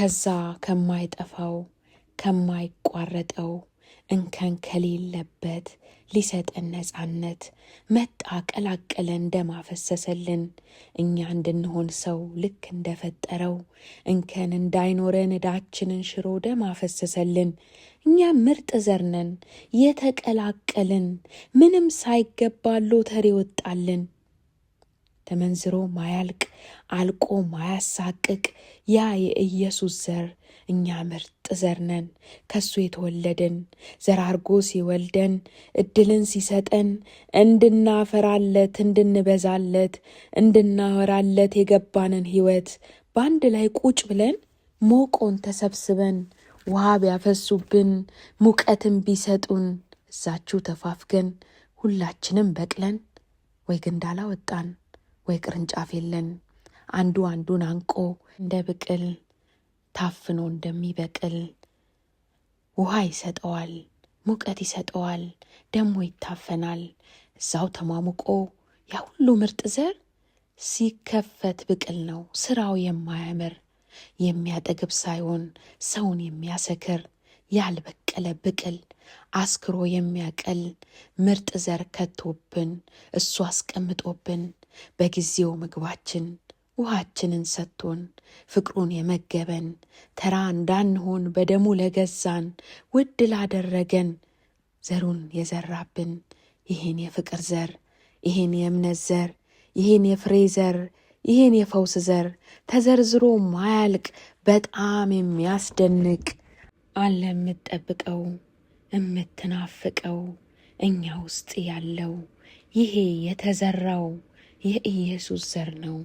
ከዛ ከማይጠፋው ከማይቋረጠው እንከን ከሌለበት ሊሰጠን ነፃነት መጣ ቀላቀለን እንደማፈሰሰልን እኛ እንድንሆን ሰው ልክ እንደፈጠረው እንከን እንዳይኖረን እዳችንን ሽሮ ደም አፈሰሰልን። እኛ ምርጥ ዘርነን የተቀላቀልን ምንም ሳይገባ ሎተሪ ወጣልን። ተመንዝሮ ማያልቅ አልቆ ማያሳቅቅ ያ የኢየሱስ ዘር እኛ ምርጥ ዘር ነን፣ ከሱ የተወለድን አርጎ ሲወልደን እድልን ሲሰጠን እንድናፈራለት እንድንበዛለት እንድናወራለት የገባንን ህይወት በአንድ ላይ ቁጭ ብለን ሞቆን ተሰብስበን ውሃ ቢያፈሱብን ሙቀትን ቢሰጡን እዛችሁ ተፋፍገን ሁላችንም በቅለን ወይ ግንዳላ ወጣን። ወይ ቅርንጫፍ የለን። አንዱ አንዱን አንቆ እንደ ብቅል ታፍኖ እንደሚበቅል ውሃ ይሰጠዋል፣ ሙቀት ይሰጠዋል፣ ደግሞ ይታፈናል። እዛው ተሟሙቆ ያ ሁሉ ምርጥ ዘር ሲከፈት ብቅል ነው። ስራው የማያምር የሚያጠግብ ሳይሆን ሰውን የሚያሰክር ያልበቀለ ብቅል አስክሮ የሚያቀል ምርጥ ዘር ከቶብን እሱ አስቀምጦብን በጊዜው ምግባችን ውሃችንን ሰጥቶን ፍቅሩን የመገበን ተራ እንዳንሆን በደሙ ለገዛን ውድ ላደረገን ዘሩን የዘራብን ይህን የፍቅር ዘር ይህን የእምነት ዘር ይህን የፍሬ ዘር ይህን የፈውስ ዘር ተዘርዝሮ ማያልቅ በጣም የሚያስደንቅ አለ የምትጠብቀው የምትናፍቀው እኛ ውስጥ ያለው ይሄ የተዘራው የኢየሱስ ዘር ነው።